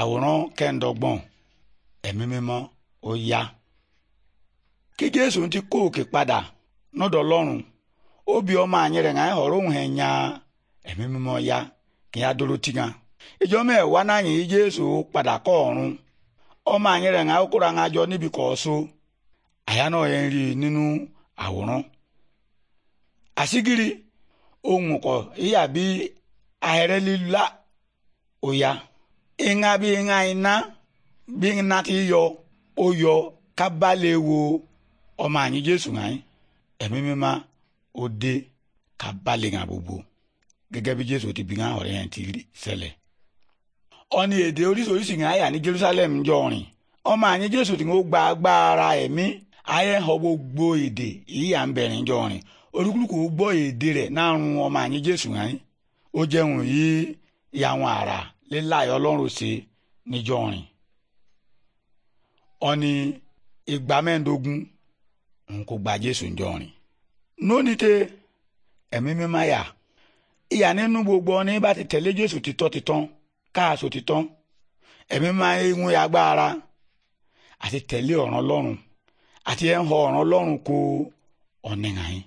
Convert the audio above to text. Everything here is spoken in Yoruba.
àwòrán kẹ́ńdọ́gbọ̀n ẹ̀mí mímọ́ ó yá kí jésù ti kó òkè padà nọ́dọ̀ obi ọma anyị anyị họrọ onwe nya ẹ̀mí mímọ́ ya kí ya dúró tí gan ìjọ mẹ́ẹ̀ wá náà yìí jésù padà kọ́ ọ̀run ọmọ anyị rịa anyị kóra jọ níbi kọ́ so àyà náà yẹn rí nínú àwòrán ohun ìran bí ìran ina bí iná ti yọ o yọ ká bá lè wo ọmọ àyín ọ ráyìn ẹ̀mí mímá ó dé ká ti bìrán ọ̀rẹ́ yẹn ti ṣẹlẹ̀ ọ̀ni èdè oríṣiríṣi n'Jerusalem àyà ní jerusalem jọrin ọmọ àyín jésù ti ń gba agbára ẹ̀mí ayé ń gbogbo ede yìí à ń o ara. líláì ọlọ́run ṣe níjọ́ rìn ọ̀ni ìgbà mẹ́ẹ̀ẹ́dógún n kò gba jésù níjọ́ rìn nónite ẹ̀mí mímá yà ìyà nínú gbogbo ọ̀ni bá ti tẹ̀lé jésù títọ́ títán káàsó títán ẹ̀mí máa ń agbára àti tẹ̀lé ọ̀ràn ọlọ́run àti ẹ̀ ń họ ọ̀ràn ọlọ́run kó ọ̀nìyàn yìí.